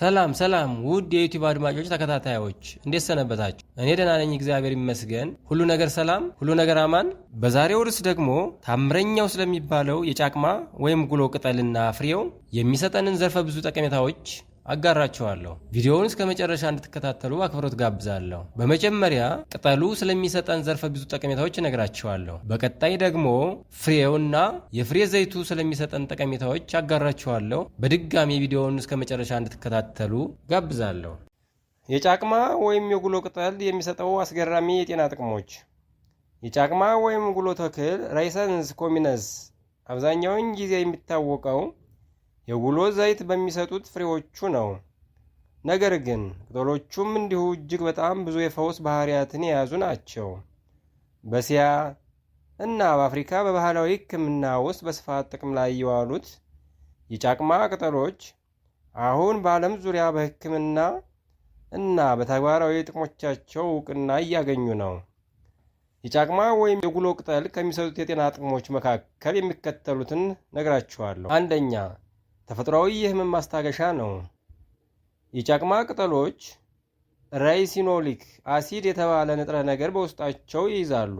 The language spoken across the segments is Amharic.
ሰላም ሰላም ውድ የዩቲዩብ አድማጮች ተከታታዮች እንዴት ሰነበታችሁ? እኔ ደህና ነኝ፣ እግዚአብሔር ይመስገን። ሁሉ ነገር ሰላም፣ ሁሉ ነገር አማን። በዛሬው ርዕስ ደግሞ ታምረኛው ስለሚባለው የጫቅማ ወይም ጉሎ ቅጠልና ፍሬው የሚሰጠንን ዘርፈ ብዙ ጠቀሜታዎች አጋራችኋለሁ። ቪዲዮውን እስከ መጨረሻ እንድትከታተሉ አክብሮት ጋብዛለሁ። በመጀመሪያ ቅጠሉ ስለሚሰጠን ዘርፈ ብዙ ጠቀሜታዎች እነግራችኋለሁ። በቀጣይ ደግሞ ፍሬውና የፍሬ ዘይቱ ስለሚሰጠን ጠቀሜታዎች አጋራችኋለሁ። በድጋሚ ቪዲዮውን እስከ መጨረሻ እንድትከታተሉ ጋብዛለሁ። የጫቅማ ወይም የጉሎ ቅጠል የሚሰጠው አስገራሚ የጤና ጥቅሞች የጫቅማ ወይም ጉሎ ተክል ራይሰንስ ኮሚነስ አብዛኛውን ጊዜ የሚታወቀው የውሎ ዘይት በሚሰጡት ፍሬዎቹ ነው። ነገር ግን ቅጠሎቹም እንዲሁ እጅግ በጣም ብዙ የፈውስ ባህሪያትን የያዙ ናቸው። በእስያ እና በአፍሪካ በባህላዊ ሕክምና ውስጥ በስፋት ጥቅም ላይ የዋሉት የጫቅማ ቅጠሎች አሁን በዓለም ዙሪያ በሕክምና እና በተግባራዊ ጥቅሞቻቸው እውቅና እያገኙ ነው። የጫቅማ ወይም የጉሎ ቅጠል ከሚሰጡት የጤና ጥቅሞች መካከል የሚከተሉትን ነግራችኋለሁ። አንደኛ ተፈጥሯዊ የህመም ማስታገሻ ነው። የጫቅማ ቅጠሎች ራይሲኖሊክ አሲድ የተባለ ንጥረ ነገር በውስጣቸው ይይዛሉ።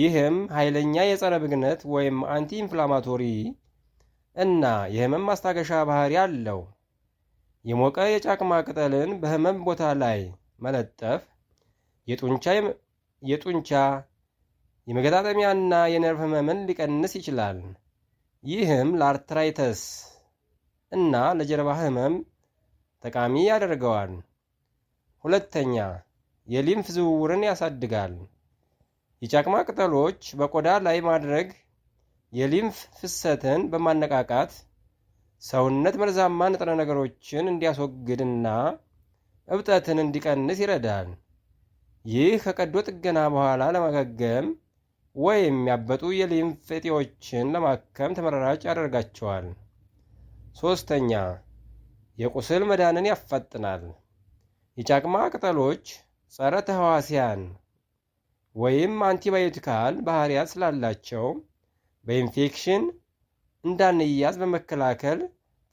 ይህም ኃይለኛ የጸረ ብግነት ወይም አንቲ ኢንፍላማቶሪ እና የህመም ማስታገሻ ባህሪ አለው። የሞቀ የጫቅማ ቅጠልን በህመም ቦታ ላይ መለጠፍ የጡንቻ የመገጣጠሚያና የነርቭ ህመምን ሊቀንስ ይችላል። ይህም ለአርትራይተስ እና ለጀርባ ህመም ጠቃሚ ያደርገዋል። ሁለተኛ የሊምፍ ዝውውርን ያሳድጋል። የጫቅማ ቅጠሎች በቆዳ ላይ ማድረግ የሊምፍ ፍሰትን በማነቃቃት ሰውነት መርዛማ ንጥረ ነገሮችን እንዲያስወግድና እብጠትን እንዲቀንስ ይረዳል። ይህ ከቀዶ ጥገና በኋላ ለማገገም ወይም ያበጡ የሊምፍ እጢዎችን ለማከም ተመራጭ ያደርጋቸዋል። ሶስተኛ የቁስል መዳንን ያፋጥናል። የጫቅማ ቅጠሎች ጸረ ተህዋሲያን ወይም አንቲባዮቲካል ባህሪያት ስላላቸው በኢንፌክሽን እንዳንያዝ በመከላከል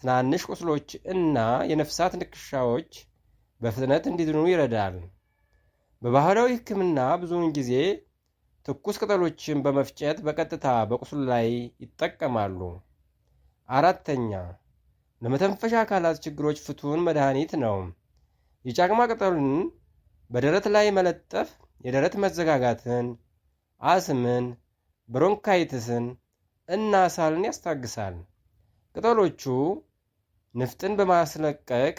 ትናንሽ ቁስሎች እና የነፍሳት ንክሻዎች በፍጥነት እንዲድኑ ይረዳል። በባህላዊ ሕክምና ብዙውን ጊዜ ትኩስ ቅጠሎችን በመፍጨት በቀጥታ በቁስሉ ላይ ይጠቀማሉ። አራተኛ ለመተንፈሻ አካላት ችግሮች ፍቱን መድኃኒት ነው። የጫቅማ ቅጠሉን በደረት ላይ መለጠፍ የደረት መዘጋጋትን፣ አስምን፣ ብሮንካይትስን እና ሳልን ያስታግሳል። ቅጠሎቹ ንፍጥን በማስለቀቅ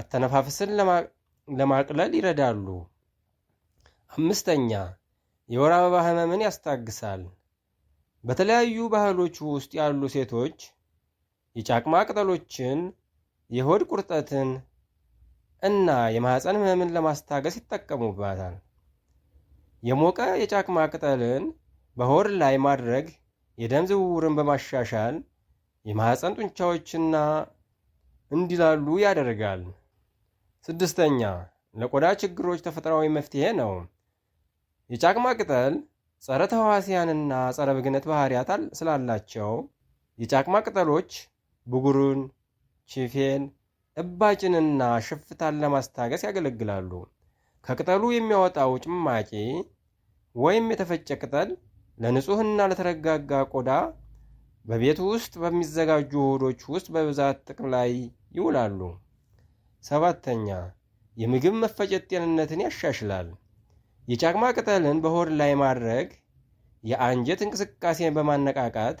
አተነፋፍስን ለማቅለል ይረዳሉ። አምስተኛ የወር አበባ ህመምን ያስታግሳል። በተለያዩ ባህሎች ውስጥ ያሉ ሴቶች የጫቅማ ቅጠሎችን፣ የሆድ ቁርጠትን እና የማህፀን ህመምን ለማስታገስ ይጠቀሙባታል። የሞቀ የጫቅማ ቅጠልን በሆድ ላይ ማድረግ የደም ዝውውርን በማሻሻል የማህፀን ጡንቻዎችና እንዲላሉ ያደርጋል። ስድስተኛ ለቆዳ ችግሮች ተፈጥሯዊ መፍትሄ ነው። የጫቅማ ቅጠል ጸረ ተህዋሲያንና ጸረ ብግነት ባህሪያት ስላላቸው የጫቅማ ቅጠሎች ብጉሩን፣ ቺፌን፣ እባጭንና ሽፍታን ለማስታገስ ያገለግላሉ። ከቅጠሉ የሚያወጣው ጭማቂ ወይም የተፈጨ ቅጠል ለንጹህና ለተረጋጋ ቆዳ በቤት ውስጥ በሚዘጋጁ ውህዶች ውስጥ በብዛት ጥቅም ላይ ይውላሉ። ሰባተኛ የምግብ መፈጨት ጤንነትን ያሻሽላል። የጫቅማ ቅጠልን በሆድ ላይ ማድረግ የአንጀት እንቅስቃሴን በማነቃቃት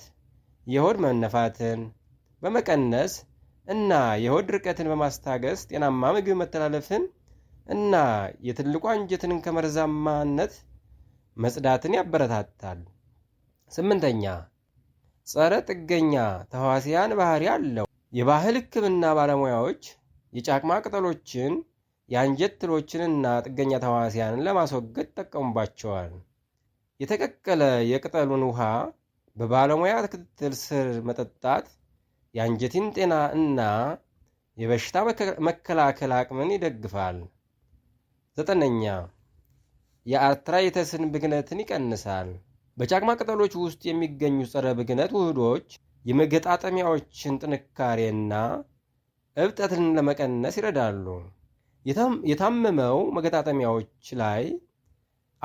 የሆድ መነፋትን፣ በመቀነስ እና የሆድ ርቀትን በማስታገስ ጤናማ ምግብ መተላለፍን እና የትልቁ አንጀትን ከመርዛማነት መጽዳትን ያበረታታል። ስምንተኛ ጸረ ጥገኛ ተህዋሲያን ባህሪ አለው። የባህል ሕክምና ባለሙያዎች የጫቅማ ቅጠሎችን የአንጀት ትሎችንና ጥገኛ ተህዋሲያንን ለማስወገድ ይጠቀሙባቸዋል። የተቀቀለ የቅጠሉን ውሃ በባለሙያ ክትትል ስር መጠጣት የአንጀትን ጤና እና የበሽታ መከላከል አቅምን ይደግፋል። ዘጠነኛ የአርትራይተስን ብግነትን ይቀንሳል። በጫቅማ ቅጠሎች ውስጥ የሚገኙ ጸረ ብግነት ውህዶች የመገጣጠሚያዎችን ጥንካሬና እብጠትን ለመቀነስ ይረዳሉ። የታመመው መገጣጠሚያዎች ላይ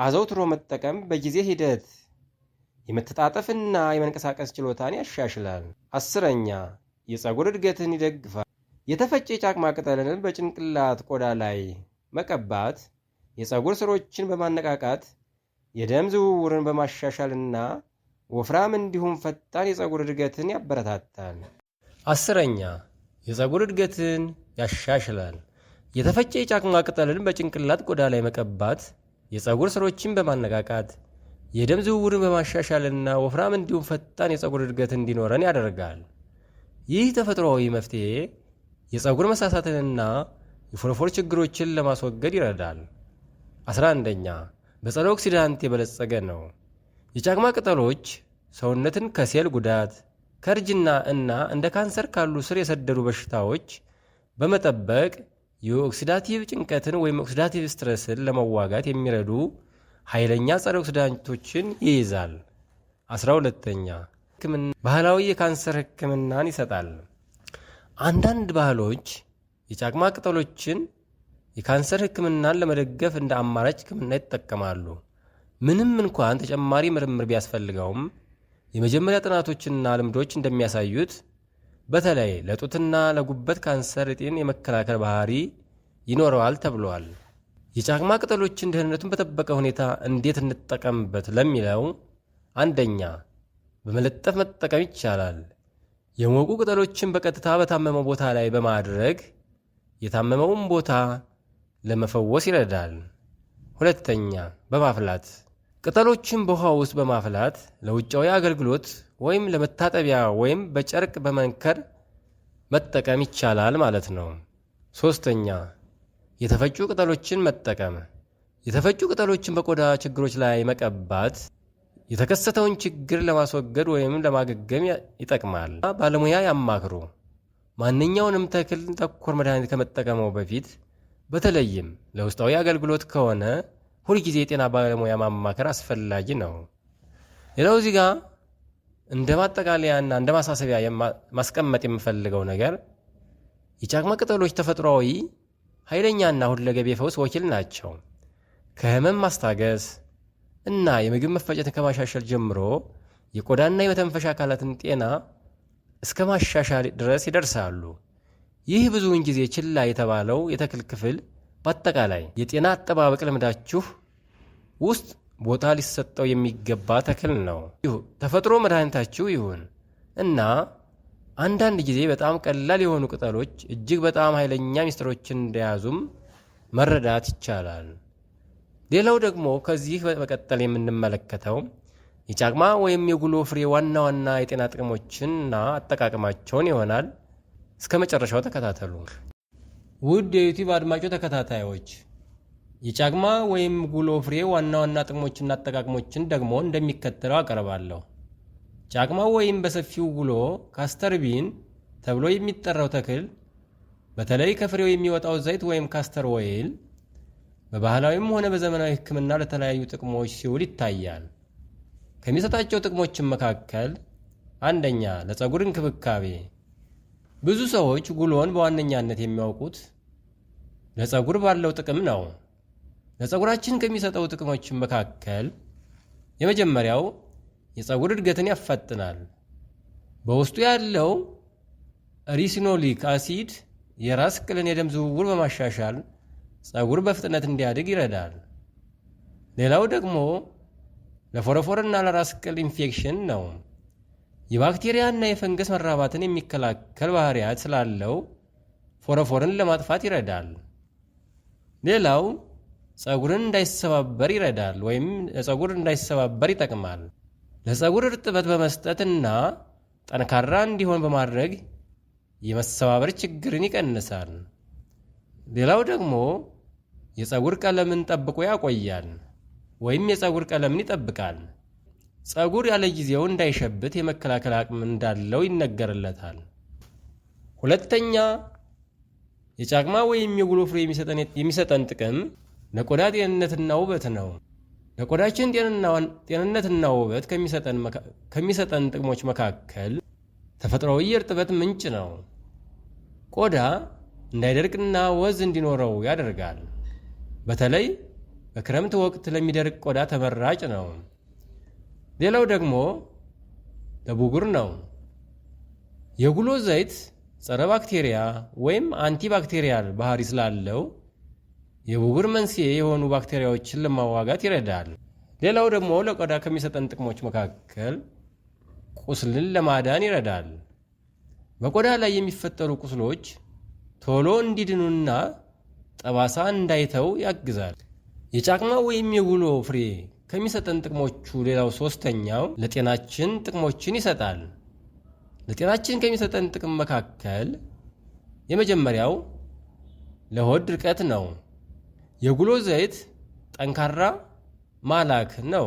አዘውትሮ መጠቀም በጊዜ ሂደት የመተጣጠፍና የመንቀሳቀስ ችሎታን ያሻሽላል። አስረኛ የፀጉር እድገትን ይደግፋል። የተፈጨ ጫቅማ ቅጠልን በጭንቅላት ቆዳ ላይ መቀባት የፀጉር ስሮችን በማነቃቃት የደም ዝውውርን በማሻሻልና ወፍራም እንዲሁም ፈጣን የፀጉር እድገትን ያበረታታል። አስረኛ የፀጉር እድገትን ያሻሽላል። የተፈጨ የጫቅማ ቅጠልን በጭንቅላት ቆዳ ላይ መቀባት የፀጉር ስሮችን በማነቃቃት የደም ዝውውርን በማሻሻልና ወፍራም እንዲሁም ፈጣን የፀጉር እድገት እንዲኖረን ያደርጋል። ይህ ተፈጥሯዊ መፍትሔ የፀጉር መሳሳትንና የፎረፎር ችግሮችን ለማስወገድ ይረዳል። 11ኛ በጸረ ኦክሲዳንት የበለጸገ ነው። የጫቅማ ቅጠሎች ሰውነትን ከሴል ጉዳት፣ ከእርጅና እና እንደ ካንሰር ካሉ ስር የሰደዱ በሽታዎች በመጠበቅ የኦክሲዳቲቭ ጭንቀትን ወይም ኦክሲዳቲቭ ስትረስን ለመዋጋት የሚረዱ ኃይለኛ ጸረ ኦክሲዳንቶችን ይይዛል። 12ኛ ባህላዊ የካንሰር ህክምናን ይሰጣል። አንዳንድ ባህሎች የጫቅማ ቅጠሎችን የካንሰር ህክምናን ለመደገፍ እንደ አማራጭ ህክምና ይጠቀማሉ። ምንም እንኳን ተጨማሪ ምርምር ቢያስፈልገውም የመጀመሪያ ጥናቶችና ልምዶች እንደሚያሳዩት በተለይ ለጡትና ለጉበት ካንሰር እጢን የመከላከል ባህሪ ይኖረዋል ተብሏል። የጫቅማ ቅጠሎችን ደህንነቱን በጠበቀ ሁኔታ እንዴት እንጠቀምበት ለሚለው አንደኛ በመለጠፍ መጠቀም ይቻላል። የሞቁ ቅጠሎችን በቀጥታ በታመመው ቦታ ላይ በማድረግ የታመመውን ቦታ ለመፈወስ ይረዳል። ሁለተኛ በማፍላት ቅጠሎችን በውሃ ውስጥ በማፍላት ለውጫዊ አገልግሎት ወይም ለመታጠቢያ ወይም በጨርቅ በመንከር መጠቀም ይቻላል ማለት ነው። ሶስተኛ የተፈጩ ቅጠሎችን መጠቀም የተፈጩ ቅጠሎችን በቆዳ ችግሮች ላይ መቀባት የተከሰተውን ችግር ለማስወገድ ወይም ለማገገም ይጠቅማል። ባለሙያ ያማክሩ። ማንኛውንም ተክል ተኮር መድኃኒት ከመጠቀመው በፊት በተለይም ለውስጣዊ አገልግሎት ከሆነ ሁልጊዜ የጤና ባለሙያ ማማከር አስፈላጊ ነው። ሌላው እዚህ ጋር እንደ ማጠቃለያና እንደ ማሳሰቢያ ማስቀመጥ የምፈልገው ነገር የጫቅማ ቅጠሎች ተፈጥሯዊ ኃይለኛና ሁለገብ የፈውስ ወኪል ናቸው። ከህመም ማስታገስ እና የምግብ መፈጨት ከማሻሻል ጀምሮ የቆዳና የመተንፈሻ አካላትን ጤና እስከ ማሻሻል ድረስ ይደርሳሉ። ይህ ብዙውን ጊዜ ችላ የተባለው የተክል ክፍል በአጠቃላይ የጤና አጠባበቅ ልምዳችሁ ውስጥ ቦታ ሊሰጠው የሚገባ ተክል ነው። ተፈጥሮ መድኃኒታችሁ ይሁን እና አንዳንድ ጊዜ በጣም ቀላል የሆኑ ቅጠሎች እጅግ በጣም ኃይለኛ ሚስጥሮችን እንደያዙም መረዳት ይቻላል። ሌላው ደግሞ ከዚህ በመቀጠል የምንመለከተው የጫቅማ ወይም የጉሎ ፍሬ ዋና ዋና የጤና ጥቅሞችንና አጠቃቀማቸውን ይሆናል። እስከ መጨረሻው ተከታተሉ። ውድ የዩቲዩብ አድማጮ ተከታታዮች የጫቅማ ወይም ጉሎ ፍሬ ዋና ዋና ጥቅሞችና አጠቃቀሞችን ደግሞ እንደሚከተለው አቀርባለሁ። ጫቅማ ወይም በሰፊው ጉሎ ካስተርቢን ተብሎ የሚጠራው ተክል በተለይ ከፍሬው የሚወጣው ዘይት ወይም ካስተር ወይል በባህላዊም ሆነ በዘመናዊ ሕክምና ለተለያዩ ጥቅሞች ሲውል ይታያል። ከሚሰጣቸው ጥቅሞችም መካከል አንደኛ፣ ለፀጉር እንክብካቤ። ብዙ ሰዎች ጉሎን በዋነኛነት የሚያውቁት ለፀጉር ባለው ጥቅም ነው። ለፀጉራችን ከሚሰጠው ጥቅሞችን መካከል የመጀመሪያው የፀጉር እድገትን ያፋጥናል። በውስጡ ያለው ሪሲኖሊክ አሲድ የራስ ቅልን የደም ዝውውር በማሻሻል ፀጉር በፍጥነት እንዲያድግ ይረዳል። ሌላው ደግሞ ለፎረፎርና ለራስ ቅል ኢንፌክሽን ነው። የባክቴሪያና የፈንገስ መራባትን የሚከላከል ባህሪያት ስላለው ፎረፎርን ለማጥፋት ይረዳል። ሌላው ጸጉርን እንዳይሰባበር ይረዳል ወይም ለፀጉር እንዳይሰባበር ይጠቅማል። ለፀጉር እርጥበት በመስጠትና ጠንካራ እንዲሆን በማድረግ የመሰባበር ችግርን ይቀንሳል። ሌላው ደግሞ የፀጉር ቀለምን ጠብቆ ያቆያል ወይም የፀጉር ቀለምን ይጠብቃል። ፀጉር ያለ ጊዜው እንዳይሸብት የመከላከል አቅም እንዳለው ይነገርለታል። ሁለተኛ የጫቅማ ወይም የጉሎ ፍሬ የሚሰጠን ጥቅም ለቆዳ ጤንነትና ውበት ነው። ለቆዳችን ጤንነትና ውበት ከሚሰጠን ጥቅሞች መካከል ተፈጥሯዊ የእርጥበት ምንጭ ነው። ቆዳ እንዳይደርቅና ወዝ እንዲኖረው ያደርጋል። በተለይ በክረምት ወቅት ለሚደርቅ ቆዳ ተመራጭ ነው። ሌላው ደግሞ ለብጉር ነው። የጉሎ ዘይት ጸረ ባክቴሪያ ወይም አንቲባክቴሪያል ባህሪ ስላለው የብጉር መንስኤ የሆኑ ባክቴሪያዎችን ለማዋጋት ይረዳል። ሌላው ደግሞ ለቆዳ ከሚሰጠን ጥቅሞች መካከል ቁስልን ለማዳን ይረዳል። በቆዳ ላይ የሚፈጠሩ ቁስሎች ቶሎ እንዲድኑና ጠባሳ እንዳይተው ያግዛል። የጫቅማ ወይም የጉሎ ፍሬ ከሚሰጠን ጥቅሞቹ ሌላው ሶስተኛው ለጤናችን ጥቅሞችን ይሰጣል። ለጤናችን ከሚሰጠን ጥቅም መካከል የመጀመሪያው ለሆድ ድርቀት ነው። የጉሎ ዘይት ጠንካራ ማላክ ነው።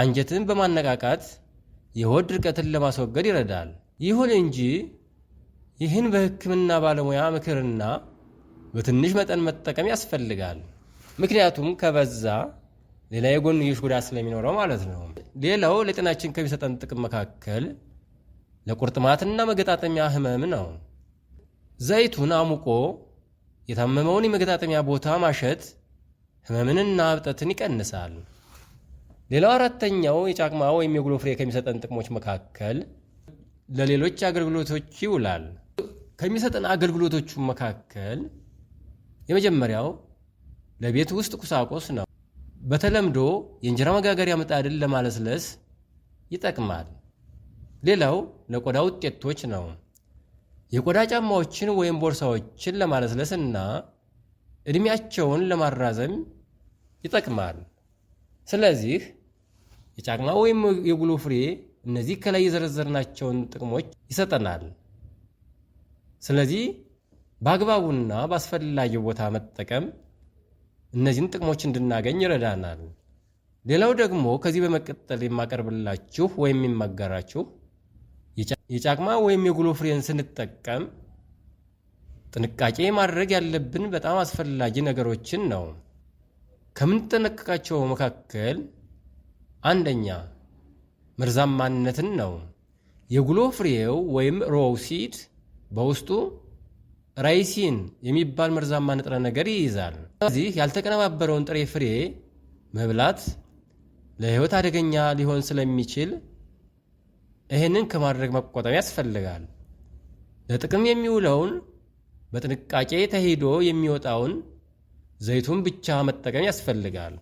አንጀትን በማነቃቃት የሆድ ድርቀትን ለማስወገድ ይረዳል። ይሁን እንጂ ይህን በሕክምና ባለሙያ ምክርና በትንሽ መጠን መጠቀም ያስፈልጋል። ምክንያቱም ከበዛ ሌላ የጎንዮሽ ጉዳት ስለሚኖረው ማለት ነው። ሌላው ለጤናችን ከሚሰጠን ጥቅም መካከል ለቁርጥማትና መገጣጠሚያ ህመም ነው። ዘይቱን አሙቆ የታመመውን የመገጣጠሚያ ቦታ ማሸት ህመምንና እብጠትን ይቀንሳል። ሌላው አራተኛው የጫቅማ ወይም የጉሎ ፍሬ ከሚሰጠን ጥቅሞች መካከል ለሌሎች አገልግሎቶች ይውላል። ከሚሰጠን አገልግሎቶቹ መካከል የመጀመሪያው ለቤት ውስጥ ቁሳቁስ ነው። በተለምዶ የእንጀራ መጋገሪያ ምጣድን ለማለስለስ ይጠቅማል። ሌላው ለቆዳ ውጤቶች ነው። የቆዳ ጫማዎችን ወይም ቦርሳዎችን ለማለስለስ እና ዕድሜያቸውን ለማራዘም ይጠቅማል። ስለዚህ የጫቅማ ወይም የጉሎ ፍሬ እነዚህ ከላይ የዘረዘርናቸውን ጥቅሞች ይሰጠናል። ስለዚህ በአግባቡና በአስፈላጊው ቦታ መጠቀም እነዚህን ጥቅሞች እንድናገኝ ይረዳናል። ሌላው ደግሞ ከዚህ በመቀጠል የማቀርብላችሁ ወይም የማጋራችሁ የጫቅማ ወይም የጉሎ ፍሬን ስንጠቀም ጥንቃቄ ማድረግ ያለብን በጣም አስፈላጊ ነገሮችን ነው። ከምንጠነቀቃቸው መካከል አንደኛ መርዛማነትን ነው። የጉሎ ፍሬው ወይም ሮው ሲድ በውስጡ ራይሲን የሚባል መርዛማ ንጥረ ነገር ይይዛል። ስለዚህ ያልተቀነባበረውን ጥሬ ፍሬ መብላት ለሕይወት አደገኛ ሊሆን ስለሚችል ይህንን ከማድረግ መቆጠብ ያስፈልጋል። ለጥቅም የሚውለውን በጥንቃቄ ተሄዶ የሚወጣውን ዘይቱን ብቻ መጠቀም ያስፈልጋል።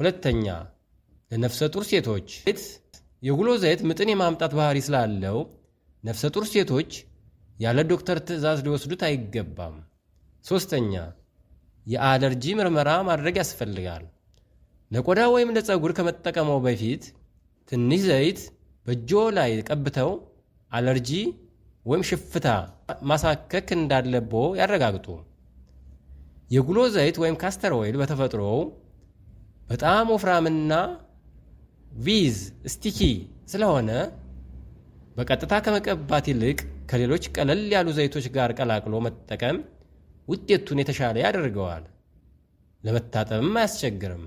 ሁለተኛ ለነፍሰ ጡር ሴቶች የጉሎ ዘይት ምጥን የማምጣት ባህሪ ስላለው ነፍሰ ጡር ሴቶች ያለ ዶክተር ትዕዛዝ ሊወስዱት አይገባም። ሶስተኛ የአለርጂ ምርመራ ማድረግ ያስፈልጋል። ለቆዳ ወይም ለፀጉር ከመጠቀመው በፊት ትንሽ ዘይት በእጆ ላይ ቀብተው አለርጂ ወይም ሽፍታ ማሳከክ እንዳለቦ ያረጋግጡ። የጉሎ ዘይት ወይም ካስተር ኦይል በተፈጥሮው በጣም ወፍራምና ቪዝ ስቲኪ ስለሆነ በቀጥታ ከመቀባት ይልቅ ከሌሎች ቀለል ያሉ ዘይቶች ጋር ቀላቅሎ መጠቀም ውጤቱን የተሻለ ያደርገዋል። ለመታጠብም አያስቸግርም።